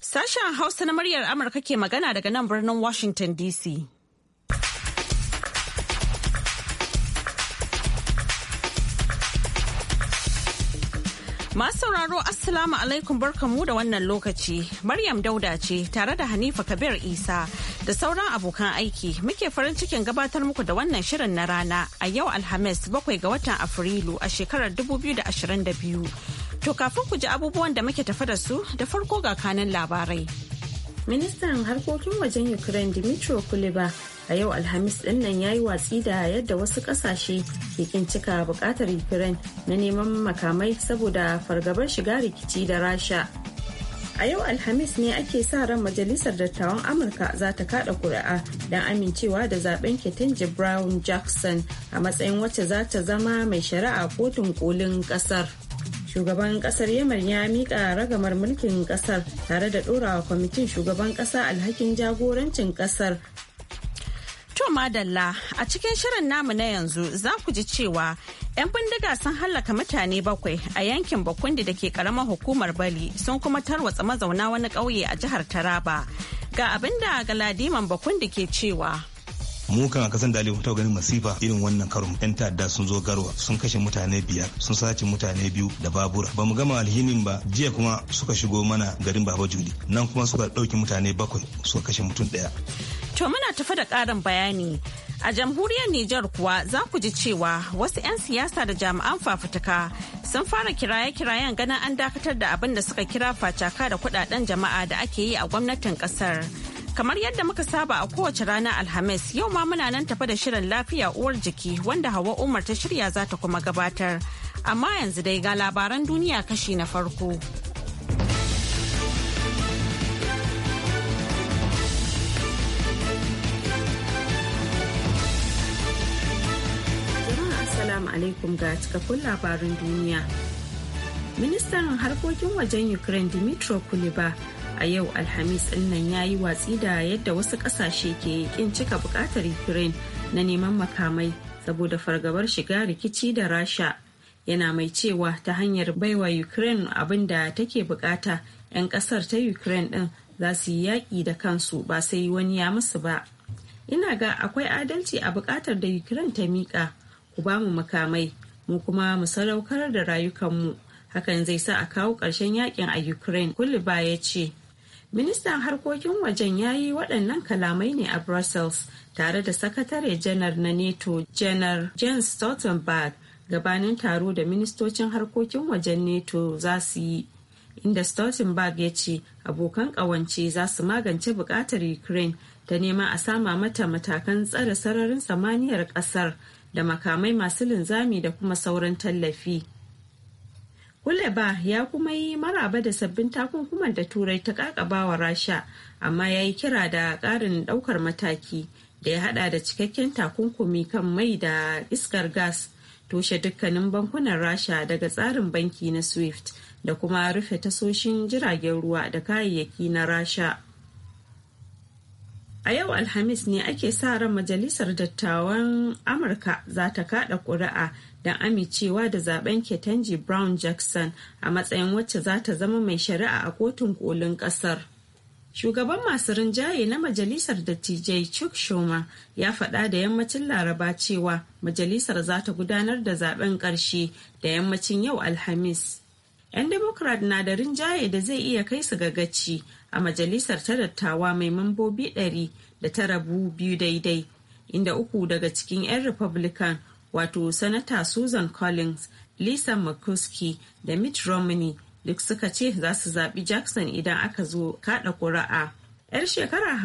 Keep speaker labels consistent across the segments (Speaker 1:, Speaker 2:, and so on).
Speaker 1: Sashen Hausa na muryar Amurka ke magana daga nan birnin Washington DC. Masu sauraro Assalamu alaikum barkamu da wannan lokaci. Maryam Dauda ce tare da Hanifa Kabir Isa da sauran abokan aiki muke farin cikin gabatar muku da wannan shirin na rana a yau alhamis bakwai ga watan afrilu a shekarar 2022 to kafin ku ji abubuwan da muke tafa da su da farko ga kanan labarai ministan harkokin wajen ukraine dimitro kuleba a yau alhamis din nan ya yi watsi da yadda wasu kasashe ke kin cika bukatar ukraine na neman makamai saboda fargabar shiga rikici da rasha A yau Alhamis ne ake sa ran Majalisar Dattawan Amurka za ta kada kuri'a don amincewa da zaben Ketanji Brown Jackson a matsayin wacce za ta zama mai shari'a kotun kolin kasar. Shugaban kasar Yamar ya miƙa ragamar mulkin kasar tare da ɗorawa kwamitin shugaban ƙasa alhakin jagorancin kasar To madalla a cikin shirin namu na yanzu za ku ji cewa 'yan bindiga sun hallaka mutane bakwai a yankin Bakundi da ke karamar hukumar Bali sun kuma tarwatsa mazauna wani ƙauye a jihar Taraba. Ga abin da Galadiman Bakundi ke cewa.
Speaker 2: mu kan a kasan dali ta ganin masifa irin wannan karon yan ta'adda sun zo garwa sun kashe mutane biyar sun sace mutane biyu da babura ba mu gama alhinin ba jiya kuma suka shigo mana garin baba juli nan kuma suka ɗauki mutane bakwai suka kashe mutum daya.
Speaker 1: To muna tafi da ƙarin bayani. A jamhuriyar Nijar kuwa za ku ji cewa wasu 'yan siyasa da jami'an fafutuka sun fara kiraye-kirayen ganin an dakatar da abin da suka kira facaka da kudaden jama'a da ake yi a gwamnatin kasar. Kamar yadda muka saba a kowace rana Alhamis yau ma muna nan tafi da shirin lafiya uwar jiki wanda Hawa Umar ta shirya za ta kuma gabatar. Amma yanzu dai ga labaran duniya kashi na farko. alaikum ga cikakkun labarin duniya. Ministan harkokin wajen Ukraine dimitro Kuleba a yau Alhamis nan ya yi watsi da yadda wasu ƙasashe ke kin cika buƙatar Ukraine na neman makamai saboda fargabar shiga rikici da Rasha. Yana mai cewa ta hanyar baiwa Ukraine abin da take bukata 'yan ƙasar ta Ukraine ɗin za su yi yaƙi da kansu ba sai wani ya musu ba. ina ga akwai adalci a buƙatar da ukraine ta miƙa. ku ba mu makamai mu kuma mu sadaukar da rayukanmu hakan zai sa a kawo ƙarshen yakin a ukraine kuliba ya ce ministan harkokin wajen ya yi waɗannan kalamai ne a brussels tare da sakatare janar na neto janar jens stoltenberg gabanin taro da ministocin harkokin wajen neto za su yi inda stoltenberg ya ce abokan ƙawance za su magance buƙatar ukraine ta nema a sama mata matakan tsare sararin samaniyar ƙasar da makamai masu linzami da kuma sauran tallafi Kuleba ya kuma yi maraba da sabbin takunkuman da turai ta kakabawa rasha amma ya yi kira da ƙarin ɗaukar mataki da ya hada da cikakken takunkumi kan mai da iskar gas toshe dukkanin bankunan rasha daga tsarin banki na swift da kuma rufe tasoshin jiragen ruwa da kayayyaki na rasha A yau Alhamis ne ake sa ran Majalisar Dattawan Amurka za ta kada ƙuri'a don amincewa da zaben Ketanji Brown Jackson a matsayin wacce za ta zama mai shari'a a kotun kolin ƙasar. Shugaban masu rinjaye na Majalisar Dattijai Chuck Schumer ya faɗa da yammacin Laraba cewa Majalisar za ta gudanar da zaben ƙarshe da yammacin yau Alhamis. 'Yan Democrat na da rinjaye da zai iya kai su ga gaci a majalisar ta dattawa mai mambobi 100 da ta rabu biyu daidai inda uku daga cikin 'yan republican wato sanata susan collins lisa mccuskey da mitt romney duk suka ce za su zaɓi jackson idan aka zo kaɗa ƙuri'a 'yar shekara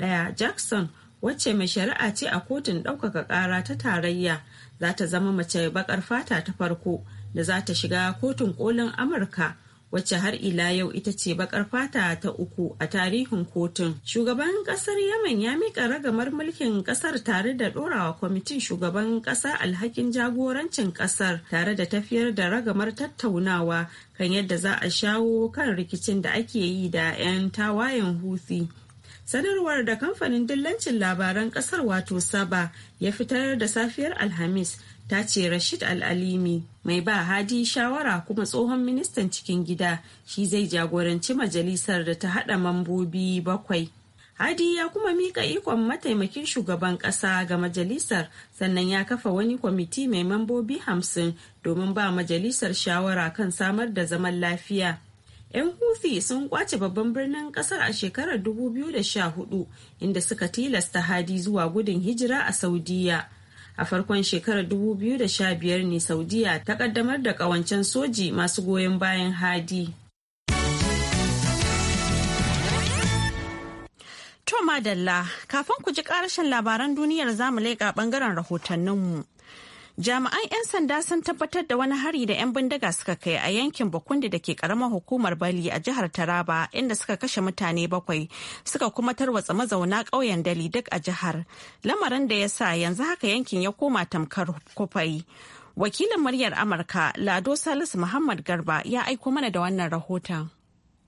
Speaker 1: ɗaya jackson wacce mai shari'a ce a kotun ɗaukaka ƙara ta tarayya za ta zama mace baƙar fata ta farko da za ta shiga kotun kolin amurka wacce har ila yau ita ce bakar fata ta uku a tarihin kotun. Shugaban kasar Yemen ya mika ragamar mulkin kasar tare da ɗorawa kwamitin shugaban ƙasa alhakin jagorancin kasar tare da tafiyar da ragamar tattaunawa kan yadda za a shawo kan rikicin da ake yi da 'yan tawayen Houthi. Sanarwar da kamfanin dillancin labaran kasar wato Saba ya fitar da safiyar Alhamis ta ce rashid al'alimi mai ba hadi shawara kuma tsohon ministan cikin gida shi zai jagoranci majalisar da ta hada mambobi bakwai hadi ya kuma mika ikon mataimakin shugaban kasa ga majalisar sannan ya kafa wani kwamiti mai mambobi hamsin domin ba majalisar shawara kan samar da zaman lafiya 'yan Houthi sun kwace babban birnin kasar a shekarar 2014 inda suka tilasta hadi zuwa gudun hijira a Saudiya a farkon shekarar 2015 ne saudiya ta kaddamar da kawancen soji masu goyon bayan hadi To madalla kafin ku ji karashin labaran duniyar zamu leƙa bangaren rahotanninmu. Jami'an 'yan sanda sun tabbatar da wani hari da 'yan bindiga suka kai a yankin Bakundi da ke karamar hukumar Bali a jihar Taraba inda suka kashe mutane bakwai suka kuma tarwatsa mazauna ƙauyen Dali duk a jihar. Lamarin da ya sa yanzu haka yankin ya koma tamkar kufai. Wakilin muryar Amurka Lado Salisu Muhammad Garba ya aiko mana da wannan rahoton.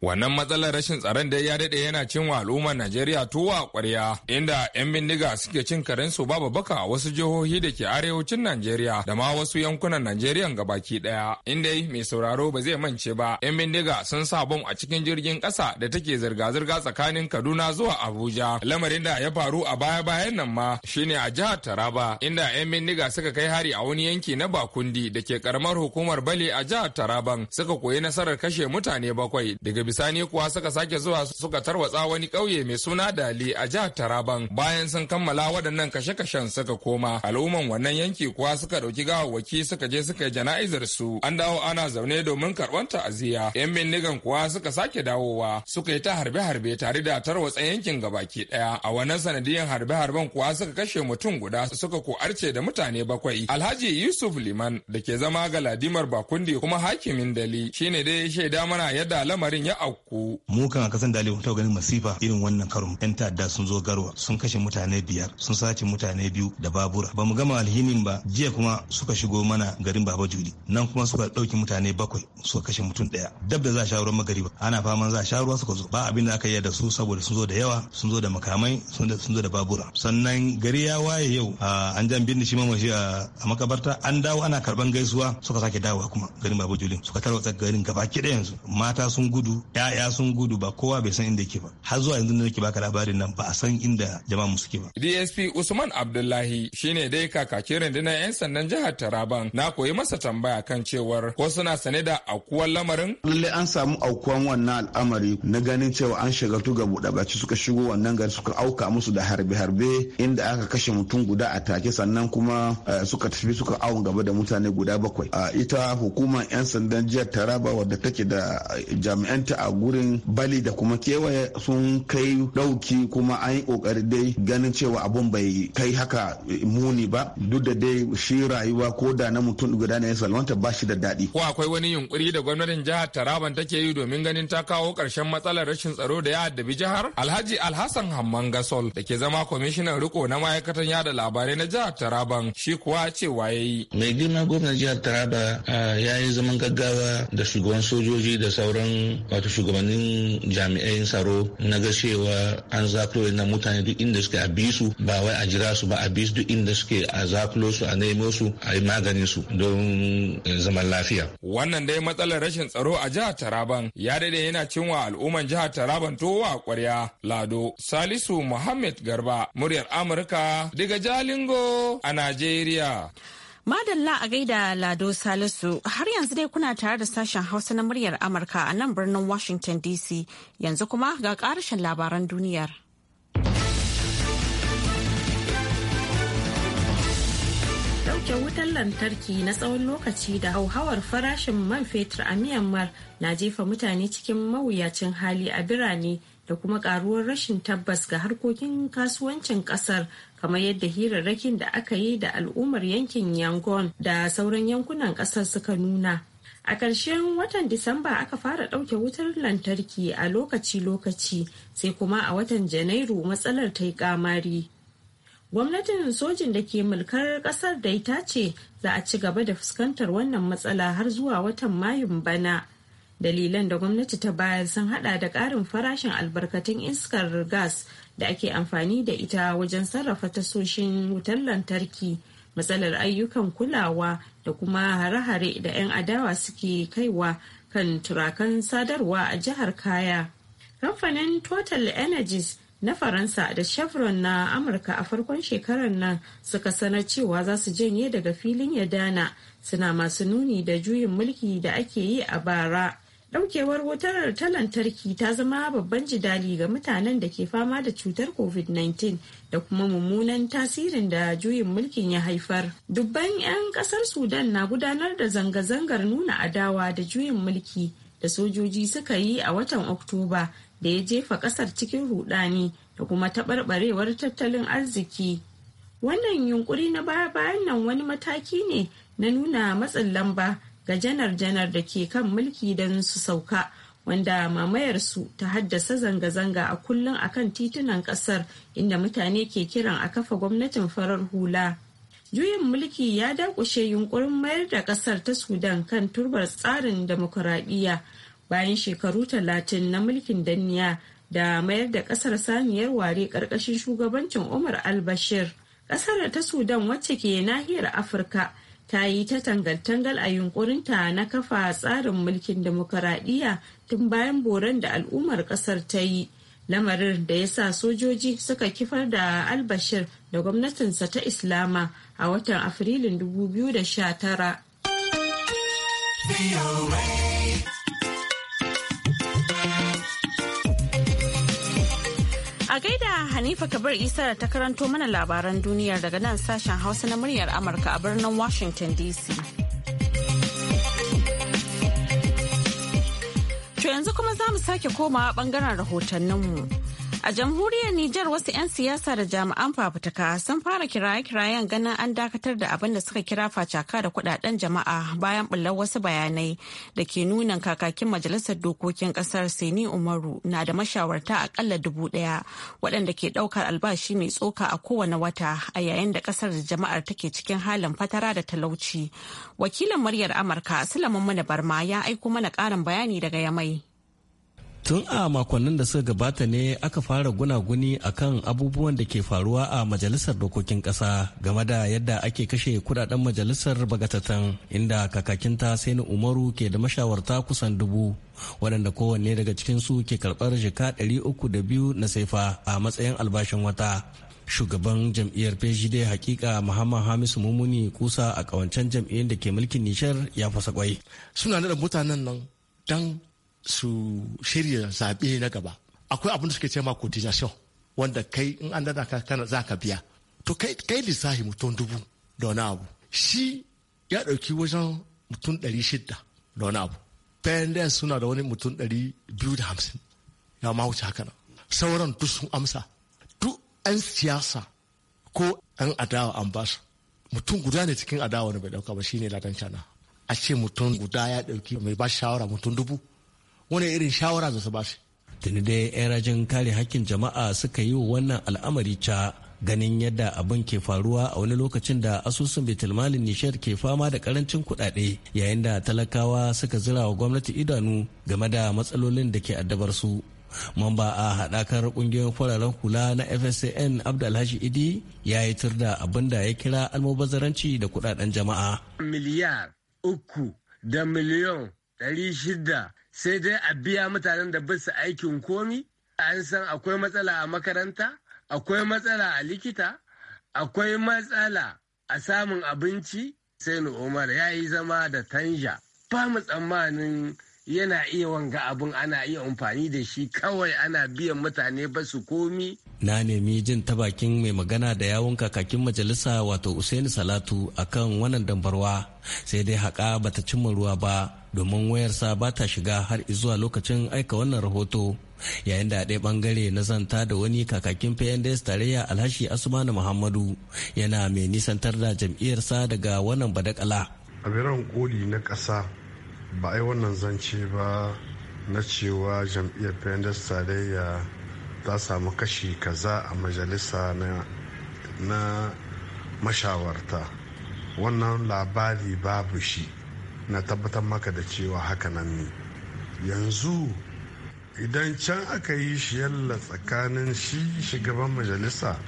Speaker 3: Wannan matsalar rashin tsaron da ya daɗe yana cin wa al'ummar Najeriya tuwa ƙwarya, inda 'yan bindiga suke cin karensu babu baka wasu jihohi da ke arewacin Najeriya da ma wasu yankunan Najeriya ga baki ɗaya. Inda mai sauraro ba zai mance ba, 'yan bindiga sun sa bom a cikin jirgin ƙasa da take zirga-zirga tsakanin Kaduna zuwa Abuja. Lamarin da ya faru a baya-bayan nan ma shine a jihar Taraba, inda 'yan bindiga suka kai hari a wani yanki na Bakundi da ke karamar hukumar Bale a jihar Taraban suka koyi nasarar kashe mutane bakwai daga bisani kuwa suka sake zuwa suka tarwatsa wani ƙauye mai suna dali a jihar taraban bayan sun kammala waɗannan kashe-kashen suka koma al'umman wannan yanki kuwa suka ɗauki gawawwaki suka je suka yi jana'izar su an dawo ana zaune domin karɓar ta'aziyya yan bindigan kuwa suka sake dawowa suka yi ta harbe-harbe tare da tarwatsa yankin gabaki ɗaya a wannan sanadiyan harbe-harben kuwa suka kashe mutum guda suka ko arce da mutane bakwai alhaji yusuf liman da ke zama galadimar bakundi kuma hakimin dali shine dai shaida mana yadda lamarin ya ta auku.
Speaker 2: Mu kan a kasan dalewa ta ganin masifa irin wannan karo 'Yan ta'adda sun zo garwa sun kashe mutane biyar sun sace mutane biyu da babura. Ba mu gama alhinin ba jiya kuma suka shigo mana garin Baba Juli. Nan kuma suka ɗauki mutane bakwai suka kashe mutum ɗaya. Dab da za a sha magari magariba ana faman za a shawarar ruwa suka zo. Ba abin da aka yi da su saboda sun zo da yawa sun zo da makamai sun zo da babura. Sannan gari ya waye yau an jan binne shi mashi a makabarta an dawo ana karban gaisuwa suka sake dawowa kuma garin Baba julin suka tarwatsa garin gaba ki yanzu. Mata sun gudu ya'ya sun gudu ba kowa bai san inda yake ba har zuwa yanzu nake baka labarin nan ba a san inda jama'a mu suke ba
Speaker 3: DSP Usman Abdullahi shine dai kakakin rundunar yan sandan jihar Taraban na koyi masa tambaya kan cewar ko suna sane da aukuwan lamarin
Speaker 2: lalle an samu aukuwan wannan al'amari na ganin cewa an shiga tuga buɗa baci suka shigo wannan gari suka auka musu da harbe-harbe inda aka kashe mutum guda a take sannan kuma eh, suka tafi suka awon gaba da mutane guda bakwai ah, ita hukumar yan sandan jihar Taraba wadda take da eh, jami'an ta a gurin bali da kuma kewaye sun kai dauki kuma an yi ƙoƙari dai ganin cewa abun bai kai haka muni ba duk da dai shi rayuwa ko da na mutum guda ne ya salwanta ba shi da daɗi. Ko
Speaker 3: akwai wani yunkuri da gwamnatin jihar Taraban take yi domin ganin ta kawo ƙarshen matsalar rashin tsaro da ya addabi jihar? Alhaji Alhassan Hamman Gasol da ke zama kwamishinan riko na ma'aikatan yada labarai na jihar Taraban shi kuwa cewa ya yi. Mai girma gwamnati jihar Taraba ah, ya yi zaman
Speaker 2: gaggawa da shugaban sojoji da sauran wato ta shugabannin jami'ai tsaro na ga cewa an zaklo na mutane duk inda suke a bisu ba wai a jira su ba a bisu duk inda suke a zaklo su a nemo su a yi maganin su don
Speaker 3: eh, zaman lafiya. Wannan dai matsalar rashin tsaro a jihar Taraban ya dade yana cinwa al'umman jihar Taraban towa kwarya Lado Salisu Muhammad Garba muryar Amurka daga Jalingo a Najeriya.
Speaker 1: Madalla a gaida Lado Salisu har yanzu dai kuna tare da sashen Hausa na muryar Amurka a nan birnin Washington DC yanzu kuma ga ƙarashin labaran duniyar. Dauke wutar lantarki na tsawon lokaci da hauhawar farashin man fetur a Myanmar na jefa mutane cikin mawuyacin hali a birane da kuma karuwar rashin tabbas ga harkokin kasuwancin kasar kamar yadda hirarrakin da aka yi da al'ummar yankin yangon da sauran yankunan kasar suka nuna a ƙarshen watan disamba aka fara ɗauke wutar lantarki a lokaci-lokaci sai kuma a watan janairu matsalar ta yi kamari gwamnatin sojin da ke mulkar kasar da ita ce za a ci gaba da fuskantar wannan matsala har zuwa watan mayun bana dalilan da gwamnati ta bayar sun hada da karin farashin albarkatun iskar gas da ake amfani da ita wajen sarrafa tasoshin wutar lantarki matsalar ayyukan kulawa da kuma hare-hare da 'yan adawa suke kaiwa kan turakan sadarwa a jihar kaya kamfanin total energies na faransa da chevron na amurka a farkon shekarar nan suka sanar cewa za su janye daga filin ya dana suna masu nuni da juyin mulki da ake yi a bara Daukewar wutar ta lantarki ta zama babban jidali ga mutanen da ke fama da cutar COVID-19 da kuma mummunan tasirin da juyin mulkin ya haifar. Dubban 'yan kasar Sudan na gudanar da zanga-zangar nuna adawa da juyin mulki da sojoji suka yi a watan Oktoba da ya jefa kasar cikin rudani da kuma taɓarɓarewar tattalin arziki. Wannan yunkuri na baya-bayan nan wani mataki ne na nuna matsin lamba ga janar-janar da ke kan mulki don su sauka wanda mamayarsu ta haddasa zanga-zanga a kullum a kan titunan kasar inda mutane ke kiran a kafa gwamnatin farar hula juyin mulki ya dakushe yunkurin mayar da kasar ta sudan kan turbar tsarin demokuraɗiyya bayan shekaru talatin na mulkin danniya da mayar da kasar saniyar ware karkashin shugabancin umar albashir kasar ta sudan wacce ke nahiyar afirka ta yi ta tangal-tangal a yunkurinta na kafa tsarin mulkin demokuraɗiyya tun bayan boron da al'ummar ƙasar ta yi lamarin da ya sa sojoji suka kifar da albashir da gwamnatinsa ta islama a watan afrilun 2019 A gaida Hanifa Kabir Isa ta karanto mana labaran duniyar daga nan sashen Hausa na muryar Amurka a birnin Washington DC. To yanzu kuma za mu sake komawa bangaren rahotanninmu. A jamhuriyar Nijar wasu 'yan siyasa da jami'an fafutuka sun fara kiraye-kirayen ganin an dakatar da abin da suka kira facaka da kudaden jama'a bayan bullar wasu bayanai da ke nuna kakakin majalisar dokokin kasar Sani Umaru na da mashawarta akalla dubu daya waɗanda ke ɗaukar albashi mai tsoka a kowane wata a yayin da kasar da jama'ar take cikin halin fatara da talauci. Wakilin muryar Amurka Sulaiman Mana Barma ya aiko mana ƙarin bayani daga Yamai.
Speaker 4: tun a makonnin da suka gabata ne aka fara gunaguni akan abubuwan da ke faruwa a majalisar dokokin kasa game da yadda ake kashe kudaden majalisar bagatatan inda kakakinta saini umaru ke da mashawarta kusan dubu waɗanda kowanne daga cikinsu ke karɓar jika ɗari uku da biyu na saifa a matsayin albashin wata shugaban jam'iyyar pgd hakika muhammad hamisu mumuni kusa a kawancen jam'iyyar da ke mulkin nishar ya
Speaker 5: fasa kwai suna da mutanen nan dan su shirya zaɓe na gaba akwai abin da suke ce ma cotization wanda kai in an dana ka kana za ka biya to kai kai lissafi mutum dubu da wani abu shi ya ɗauki wajen mutum ɗari shida da wani abu bayan suna da wani mutum ɗari biyu da hamsin ya ma wuce haka nan sauran duk sun amsa duk 'yan siyasa ko 'yan adawa an ba su mutum guda ne cikin adawa ne bai ɗauka ba shine ladan cana a ce mutum guda ya ɗauki mai ba shawara mutum dubu wani irin shawara za su ba shi
Speaker 4: tuni dai yan rajin kare hakkin jama'a suka yi wa wannan al'amari ca ganin yadda abin ke faruwa a wani lokacin da asusun bitulmalin nishar ke fama da karancin kudade yayin da talakawa suka zira wa gwamnati idanu game da matsalolin da ke addabar su mamba a haɗakar ƙungiyoyin fararen kula na fsn abdulhashi idi ya yi tur da abin da ya kira almubazaranci da kudaden jama'a miliyar uku da miliyan ɗari shida sai dai a biya mutanen da basu aikin komi an san akwai matsala a makaranta akwai matsala a likita akwai matsala a samun abinci sai umar ya yi zama da tanja ba mu tsammanin yana iya wanga abin ana iya amfani da shi kawai ana biyan mutane ba su komi na nemi jin ta bakin mai magana da yawun kakakin majalisa wato usaini salatu akan wannan dambarwa sai dai haƙa bata cimma ruwa ba domin wayarsa ba ta shiga har zuwa lokacin aika wannan rahoto yayin da ɗaya ɓangare na zanta da wani kakakin pnds tarayya alhashi asmanu muhammadu yana mai nisantar da jam'iyyarsa daga wannan badakala
Speaker 2: a biran koli na
Speaker 5: ƙasa ba ai wannan zance ba na cewa jam'iyyar pnds
Speaker 2: tarayya za samu kashi kaza a majalisa na mashawarta wannan labari babu shi na tabbatar maka da cewa haka nan ne yanzu idan can aka yi shi yalla tsakanin shi shugaban majalisa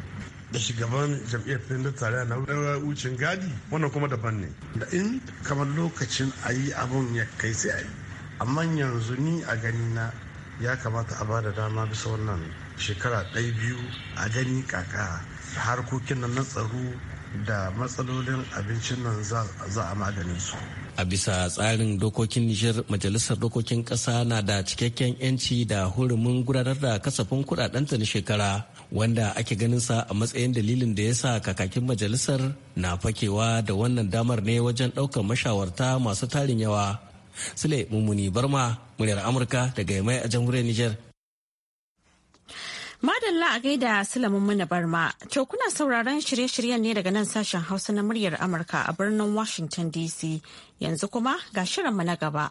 Speaker 2: da shugaban
Speaker 5: jam'iyyar filin tare na wucin gadi wannan kuma daban ne da in kamar lokacin ayi abun ya kai sai a yi amma yanzu ni a gani na ya kamata a bada dama bisa wannan shekara ɗaya biyu a gani kaka harkokin nan na tsaro da matsalolin abincin nan za a magani su a bisa
Speaker 4: tsarin dokokin Nijar majalisar dokokin ƙasa na da cikakken 'yanci da hurumin gudanar da kasafin kudadenta na shekara wanda ake ganin sa a matsayin dalilin da ya sa kakakin majalisar na fakewa da wannan damar ne wajen ɗaukar mashawarta masu tarin yawa. Sule Mummuni Barma muryar amurka daga yamai a jamhuriyar nijar
Speaker 1: Madalla a gaida Sulaiman Muna Barma, to kuna sauraron shirye-shiryen ne daga nan sashen Hausa na muryar Amurka a birnin Washington DC. Yanzu kuma ga shirinmu na gaba.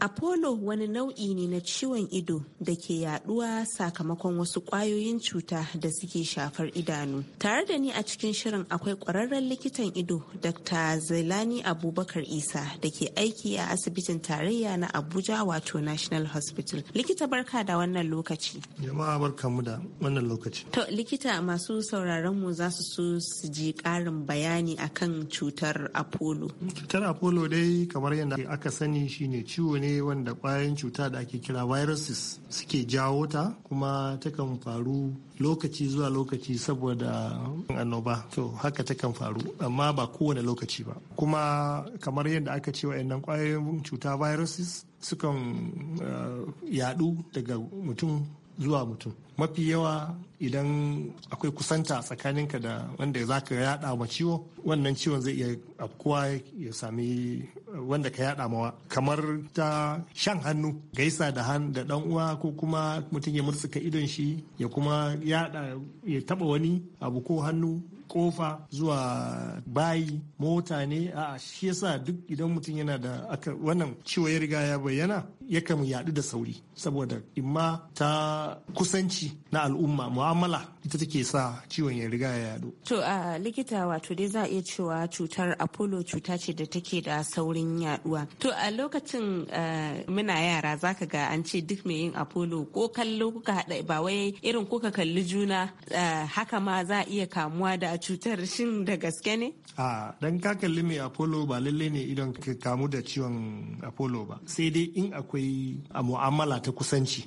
Speaker 1: Apollo wani nau'i ne na ciwon ido da ke yaduwa sakamakon wasu kwayoyin cuta da suke shafar idanu. Tare da ni a cikin shirin akwai kwararren likitan ido Dr. Zailani Abubakar Isa da ke aiki a asibitin tarayya na Abuja wato National Hospital. Likita barka da wannan lokaci.
Speaker 5: Jama'a barka mu da wannan lokaci.
Speaker 1: To likita masu sauraron mu za su so su ji karin bayani akan cutar
Speaker 5: Apollo. Cutar Apollo dai kamar yadda aka sani shine ciwo ne ne wanda kwayoyin cuta da ake kira viruses suke jawo ta kuma takan faru lokaci zuwa lokaci saboda annoba to haka takan faru amma ba kowane lokaci ba kuma kamar yadda aka ce wa'annan kwayoyin cuta viruses sukan eh, yadu daga mutum zuwa mutum mafi yawa idan akwai kusanta tsakaninka da wanda za ka yada ma ciwo wannan ciwon zai iya afkuwa ya sami wanda ka yada mawa kamar ta shan hannu gaisa da han da dan uwa ko kuma mutum ya murtsuka idon shi ya kuma yada ya taba wani abu ko hannu kofa zuwa bayi mota ne a shi yasa duk idan mutum yana da wannan ciwo ya riga ya bayyana yakan yaɗu da sauri saboda imma ta kusanci na al'umma mu'amala ita take sa ciwon ya riga ya yaɗu.
Speaker 1: To a likita wato dai za a iya cewa cutar Apollo cuta ce da take da saurin yaɗuwa To a lokacin eh, muna yara zaka ga an ce duk mai yin Apollo ko kallo kuka haɗa ba wai irin kuka kalli juna eh, haka ma za a iya kamuwa da cutar shin da gaske ne?
Speaker 5: A dan ka kalli mai Apollo ba lallai ne idan ka kamu da ciwon Apollo ba sai dai in akwai akwai a mu'amala ta kusanci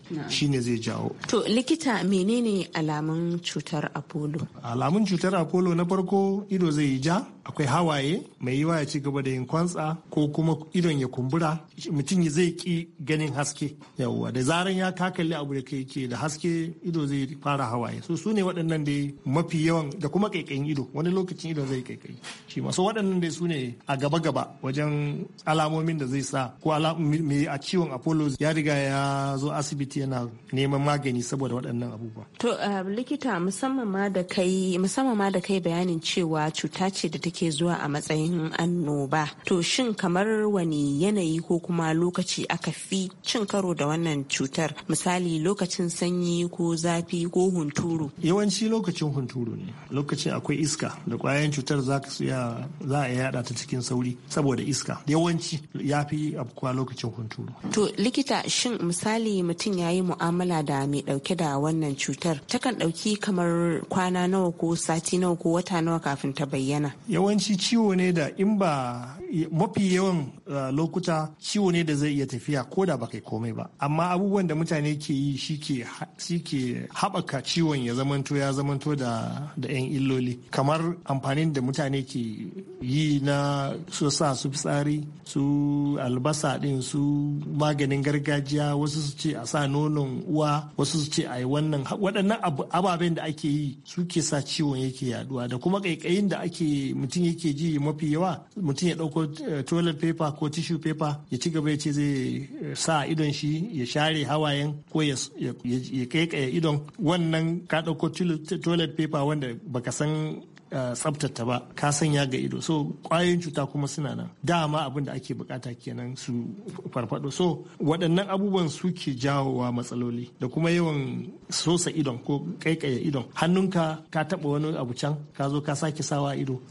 Speaker 5: ne zai jawo
Speaker 1: to likita menene alamun cutar apollo
Speaker 5: alamun cutar apollo na farko ido zai ja akwai hawaye mai yiwa ya ci gaba da yin kwantsa ko kuma idon ya kumbura mutum zai ki ganin haske yawwa da zaran ya kakalli abu da kai ke da haske ido zai fara hawaye so su ne waɗannan da mafi yawan da kuma kaikayin ido wani lokacin ido zai kaikayi shi ma so waɗannan dai su ne a gaba gaba wajen alamomin da zai sa ko mai a ciwon apollo ya riga ya zo asibiti yana neman magani saboda waɗannan abubuwa
Speaker 1: to um, likita musamman ma da kai musamman ma da kai bayanin cewa cuta ce da take ke zuwa a matsayin annoba to shin kamar wani yanayi ko kuma lokaci aka fi cin karo da wannan cutar misali lokacin sanyi ko zafi ko hunturu yawanci lokacin hunturu ne lokacin
Speaker 5: akwai iska da kwayan cutar za a yada ta cikin sauri saboda iska yawanci ya fi afkuwa lokacin hunturu
Speaker 1: to likita shin misali mutum ya yi mu'amala da mai dauke da wannan cutar takan dauki kamar kwana nawa ko sati nawa ko wata nawa kafin ta bayyana
Speaker 5: yawanci ciwo ne da in ba mafi yawan eh, lokuta ciwo ne da zai iya tafiya ko da bakai komai ba amma abubuwan da mutane ke yi shi ke haɓaka ciwon ya zamanto ya zamanto da 'yan illoli kamar amfanin da mutane ke yi na su sa su fitsari su albasa ɗin su maganin gargajiya wasu su ce a sa nonon uwa wasu su ce a yi wannan waɗannan ababen da ake yi su ke sa ciwon yake yaduwa da kuma da ake mutum yake ji mafi yawa mutum ya ɗauko eh, toilet paper ko tissue paper ya ci gaba ya ce zai eh, sa idon shi ya share hawayen ko ya kai idon wannan ka ɗauko toilet paper wanda baka san Eh, tsabtata ba ka sanya ga ido so kwayoyin cuta kuma suna nan dama abin da ake bukata kenan su farfado so waɗannan abubuwan suke jawowa matsaloli da kuma yawan sosa idon ko kaikaye idon hannunka ka taba wani abu can ka zo ka sake sawa ido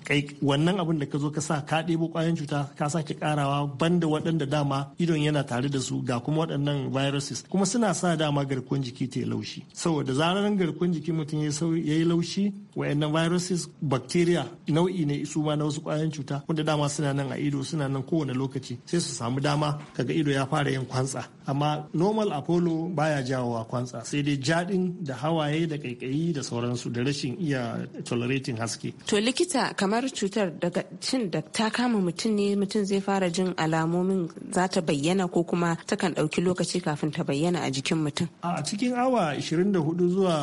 Speaker 5: wannan abin da ka zo ka sa ka ɗebo kwayoyin cuta ka sake karawa banda waɗanda dama idon yana tare da su ga kuma waɗannan viruses kuma suna sa dama garkuwar jiki ta laushi saboda zarar garkuwar jikin mutum ya yi laushi wayan viruses bacteria nau'i ne su ma na wasu kwayoyin cuta wanda dama suna nan a ido suna nan kowane lokaci sai su samu dama kaga ido ya fara yin kwantsa amma normal apollo baya jawowa kwantsa sai dai jadin da hawaye da kaikayi da sauransu da rashin iya tolerating
Speaker 6: haske
Speaker 1: to likita kamar cutar daga cin da ta kama mutum ne mutum zai fara jin alamomin za ta bayyana ko kuma takan ɗauki lokaci kafin ta bayyana a jikin mutum a
Speaker 5: cikin awa 24 zuwa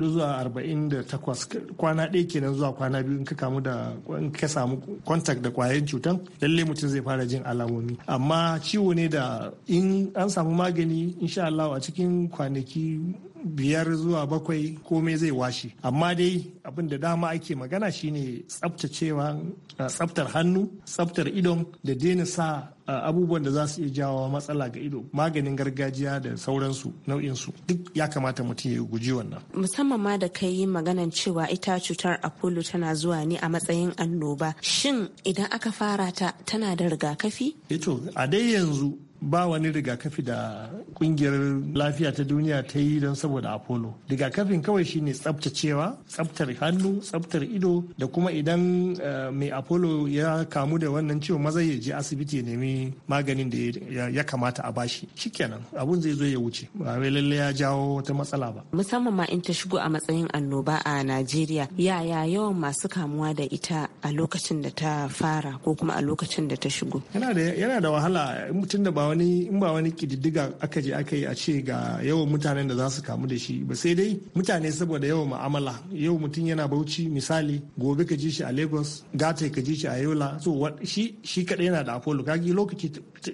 Speaker 5: 48 kwana ɗaya kenan zuwa kwana biyu in ka kamu da in ka samu kontak da kwayan cutan lallai mutum zai fara jin alamomi amma ciwo ne da in an samu magani insha Allah a cikin kwanaki biyar zuwa bakwai komai zai washe amma dai abin da dama ake magana shine tsaftacewa tsaftar hannu tsaftar idon da daina sa abubuwan da za su iya jawo matsala ga ido maganin gargajiya da sauransu nau'in su duk ya kamata mutum ya guji wannan
Speaker 1: musamman ma da kai yi maganan cewa ita cutar apollo tana zuwa ne a matsayin annoba shin idan aka fara ta tana da rigakafi?
Speaker 5: Eh a dai yanzu ba wani rigakafi da kungiyar lafiya ta duniya ta yi don saboda apollo rigakafin kawai shine tsabtacewa tsabtar hannu tsabtar ido da kuma idan eh, mai apollo ya kamu da wannan ciwo maza ya je asibiti ya nemi maganin da ya kamata a bashi shikenan abun zai zo ya wuce ba wai lalle ya jawo
Speaker 1: wata matsala ba musamman ma in ta shigo a matsayin annoba a najeriya yaya yawan masu kamuwa da ita a lokacin da ta fara ko kuma a lokacin da ta shigo yana
Speaker 5: da wahala mutum da ba wani in ba wani kididdiga aka je aka yi a ce ga yawan mutanen da za su kamu da shi ba sai dai mutane saboda yawan mu'amala yau mutum yana bauchi misali gobe ka ji shi a Lagos gata ka ji shi a Yola so shi shi kadai yana da Apollo kagi lokaci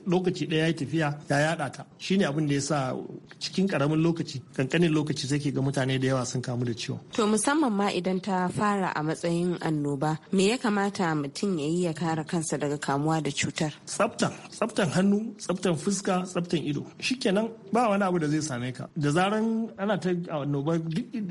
Speaker 5: lokaci ɗaya ya tafiya ya yaɗa ta shi ne abin da ya sa cikin karamin lokaci kankanin lokaci sai ke ga mutane da yawa sun kamu da ciwon.
Speaker 1: To musamman ma idan ta fara a matsayin annoba me ya kamata mutum ya yi ya kare kansa daga kamuwa da cutar?
Speaker 5: Tsaftan tsaftan hannu tsaftan fuska tsaftan ido shikenan ba wani abu da zai same ka da zaran ana ta annoba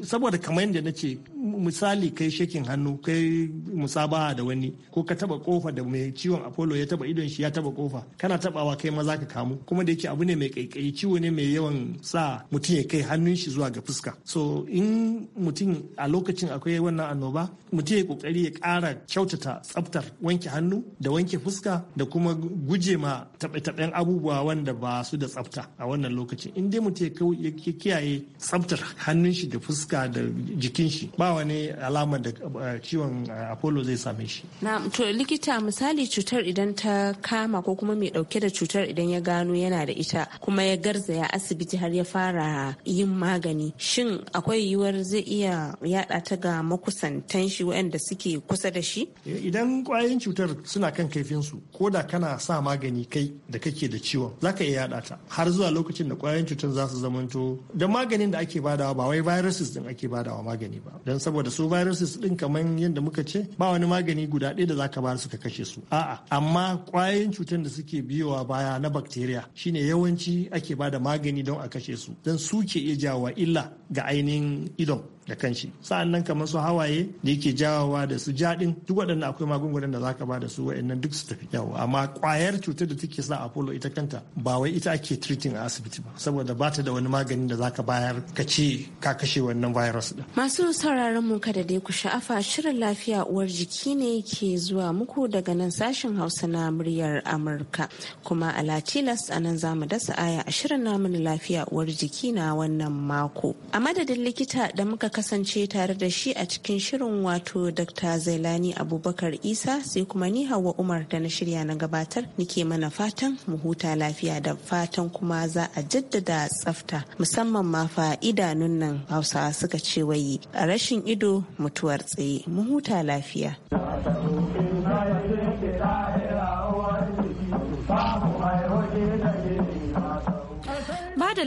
Speaker 5: saboda kamar yadda na ce misali kai shakin hannu kai musabaha da wani ko ka taba kofa da mai ciwon apollo ya taba idon shi ya taba kofa kana ta tabawa kai ma zaka kamu kuma da yake abu ne mai kaikayi ciwo ne mai yawan sa mutum ya kai hannun shi zuwa ga fuska so in mutum a lokacin akwai wannan annoba mutum ya kokari ya kara kyautata tsaftar wanke hannu da wanke fuska da kuma guje ma taɓe-taɓen abubuwa wanda ba su da tsafta a wannan lokacin in dai mutum ya kiyaye tsaftar hannun shi da fuska da jikin shi ba wani alamar da eh, ciwon eh, apollo zai same shi
Speaker 1: na to likita misali cutar idan ta kama ko kuma mai ɗauke dauke da cutar idan ya gano yana da ita kuma ya garzaya asibiti har ya fara yin magani shin akwai yiwuwar zai iya yada ta ga makusantan shi waɗanda suke kusa da shi
Speaker 5: idan kwayoyin cutar suna kan kaifin su ko da kana sa magani kai da kake da ciwon zaka iya yada ta har zuwa lokacin da kwayoyin cutar za su zamanto da maganin da ake badawa ba wai viruses din ake badawa magani ba don saboda su viruses din kamar yadda muka ce ba wani magani guda ɗaya da zaka ba su ka kashe su a'a amma kwayoyin cutar da suke biyo biyowa baya na bakteriya shine yawanci ake ba da magani don a kashe su don suke ke iya jawa illa ga ainihin idon da kanshi sa'an nan kamar su hawaye da yake jawowa da su jaɗin duk waɗannan akwai magungunan da zaka ba da su waɗannan duk su tafi yawo amma kwayar cutar da take sa apollo ita kanta ba wai ita ake treating a asibiti ba saboda ba ta da wani maganin da zaka bayar ka ce ka kashe wannan virus din
Speaker 1: masu sauraron mu kada dai ku sha'afa shirin lafiya uwar jiki ne ke zuwa muku daga nan sashen hausa na muryar amurka kuma a latilas a nan za dasa aya a shirin namun lafiya uwar jiki na wannan mako a madadin likita da muka kasance tare da shi a cikin shirin wato Dr. Zailani Abubakar Isa sai kuma ni Hauwa Umar da na shirya na gabatar nike mana fatan mu huta lafiya da fatan kuma za a jaddada tsafta musamman ma fa idanun nan Hausawa suka ce wayi a rashin ido mutuwar tsaye mu huta lafiya.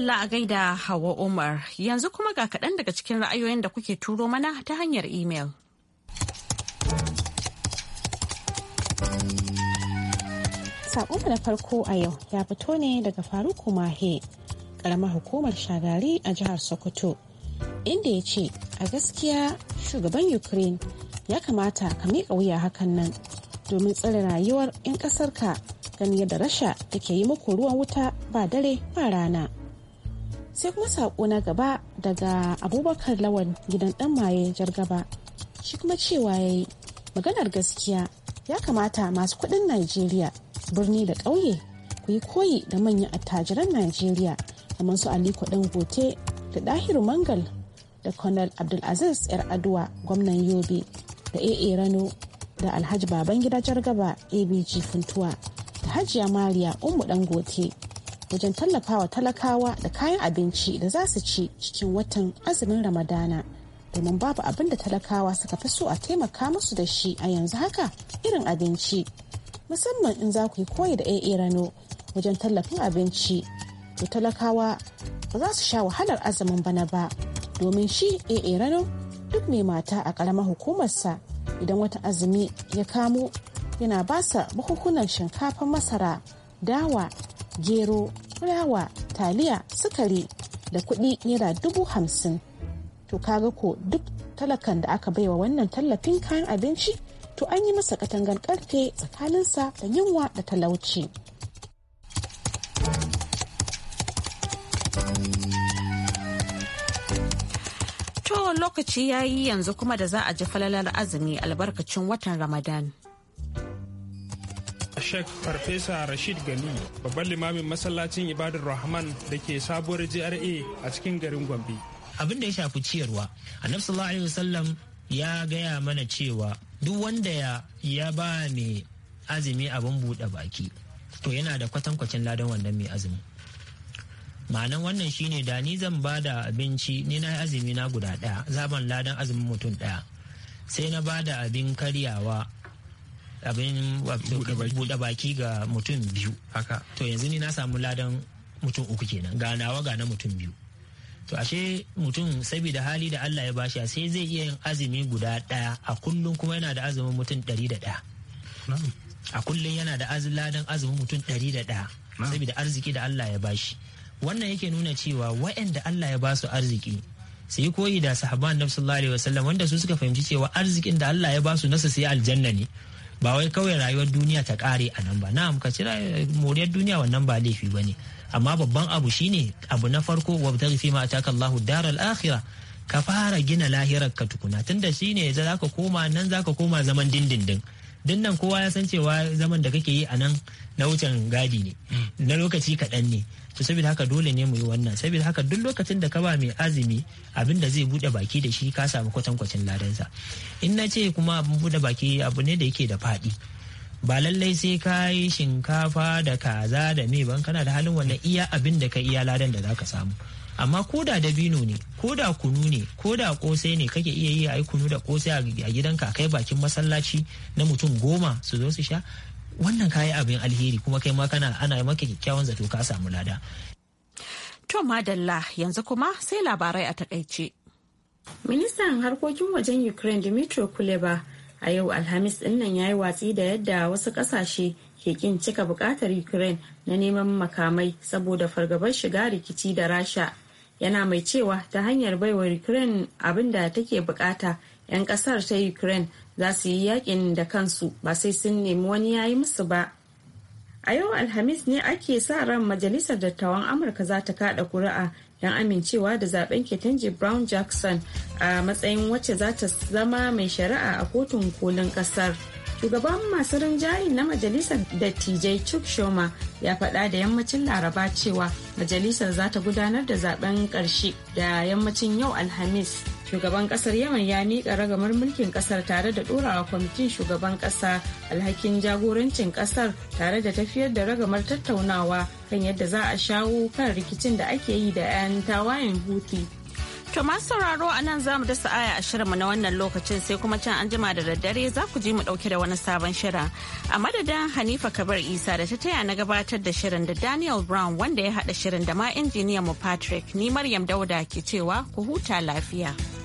Speaker 1: Madalla a gaida Hawa Umar yanzu kuma ga kaɗan daga cikin ra'ayoyin da kuke turo mana ta hanyar imel.
Speaker 6: Saƙonmu na farko a yau ya fito ne daga Faruku Mahe, ƙaramar hukumar shagari a jihar Sokoto, inda ya ce a gaskiya shugaban Ukraine ya kamata ka miƙa wuya hakan nan domin tsare rayuwar 'yan ƙasarka gani yadda rasha take yi muku ruwan wuta ba dare ba rana sai kuma saƙo na gaba daga abubakar lawan gidan ɗan maye jargaba shi kuma cewa ya yi maganar gaskiya ya kamata masu kuɗin najeriya birni da ƙauye ku yi koyi da manyan attajiran najeriya kamar su aliko dangote da dahiru mangal da colonel abdulaziz yar aduwa gwamnan yobe da aa rano da alhaji baban gida jargaba abg funtuwa da hajiya mariya umu dangote wajen tallafawa talakawa da kayan abinci da za su ci cikin watan azumin ramadana domin babu abin da talakawa suka fi so a taimaka musu da shi a yanzu haka irin abinci musamman in za ku yi koyi da AA rano wajen tallafin abinci to talakawa ba za su sha wahalar azumin bana ba domin shi AA rano duk mai mata a ƙaramar hukumarsa idan wata azumi ya kamo yana basa bukukunan shinkafar masara dawa gero fulawa taliya sukari da kuɗi naira dubu hamsin to kaga ko duk talakan da aka baiwa wannan tallafin kayan abinci to an yi masa katangar karfe tsakaninsa da yunwa da talauci
Speaker 1: To lokaci ya yi yanzu kuma da za a ji falalar azumi albarkacin watan Ramadan.
Speaker 3: Sheikh Farfesa Rashid Gani, babban limamin masallacin Ibadar Rahman da ke sabuwar GRA a cikin garin Gombe.
Speaker 7: Abin da ya shafi ciyarwa, Annabi sallallahu alaihi wasallam ya gaya mana cewa duk wanda ya ya ba mai azumi abin buɗe baki to yana da kwatankwacin ladan wannan mai azumi. ma'anan wannan shine da ni zan ba da abinci ni na azumi na guda ɗaya zaban ladan azumin mutum ɗaya sai na ba da abin karyawa abin buɗe baki ga mutum biyu haka to yanzu ni na samu ladan mutum uku kenan ga nawa ga na mutum biyu to ashe mutum saboda hali da Allah ya bashi sai zai iya yin azumi guda ɗaya a kullum kuma yana da azumin mutum ɗari da ɗaya a kullum yana da ladan azumin mutum ɗari da ɗaya saboda arziki da Allah ya bashi wannan yake nuna cewa wa'anda Allah ya basu arziki suyi koyi da sahaban nafsullahi sallallahu alaihi wasallam wanda su suka fahimci cewa arzikin da Allah ya basu nasa sai aljanna ne ba wai kawai rayuwar duniya ta kare a nan ba na ka ci eh, moriyar duniya wannan ba laifi ba ne amma babban abu shine abu na farko wa ta rufe ma ataka Allahu daral akhira ka fara gina lahirar ka tukuna tunda shine za ka koma nan za ka koma zaman dindindin nan kowa ya san cewa zaman da kake yi a nan na wucin gadi ne mm. na lokaci kaɗan ne to saboda haka dole ne mu yi wannan saboda haka duk lokacin da ka ba mai azumi abin da zai bude baki da shi ka samu kwatankwacin ladansa in na ce kuma abin bude baki abu ne da yake da faɗi ba lallai sai ka yi shinkafa da kaza da me ban kana da halin wannan iya abin da ka iya ladan da zaka samu amma ko da dabino ne ko da kunu ne ko da kosai ne kake iya yi a yi kunu da kosai a gidanka kai bakin masallaci na mutum goma su zo su sha wannan kayi abin alheri kuma kai ma kana ana maka kyakkyawan zato ka samu lada
Speaker 1: to madalla yanzu kuma sai labarai a takaice ministan harkokin wajen ukraine dimitro kuleba a yau alhamis dinnan ya yi watsi da yadda wasu kasashe ke kin cika bukatar ukraine na neman makamai saboda fargabar shiga rikici da rasha yana mai cewa ta hanyar baiwa ukraine abin da take bukata 'yan kasar ta ukraine za su yi yakin da kansu ba sai sun nemi wani yayi musu ba a yau alhamis ne ake sa ran majalisar dattawan amurka za ta kada kuri'a yan amincewa da zaben ketanji brown jackson a matsayin wacce za ta zama mai shari'a a kotun kolin kasar. shugaban masu rinjaye na majalisar dattijai chuck shoma ya faɗa da yammacin laraba cewa majalisar za ta gudanar da zaben ƙarshe da yammacin yau alhamis shugaban ƙasar yaman ya miƙa ragamar mulkin ƙasar tare da ɗorawa kwamitin shugaban ƙasa alhakin jagorancin ƙasar tare da tafiyar da ragamar tattaunawa kan yadda za a shawo kan rikicin da ake yi da 'yan tawayen huti. To masu sauraro a nan za mu dasa aya a shirinmu na wannan lokacin sai kuma can an jima da daddare za ku ji mu ɗauke da wani sabon shirin. A madadin Hanifa Kabir Isa da ta taya na gabatar da shirin da Daniel Brown wanda ya haɗa shirin da ma injiniyan mu Patrick ni Maryam Dauda ke cewa ku huta lafiya.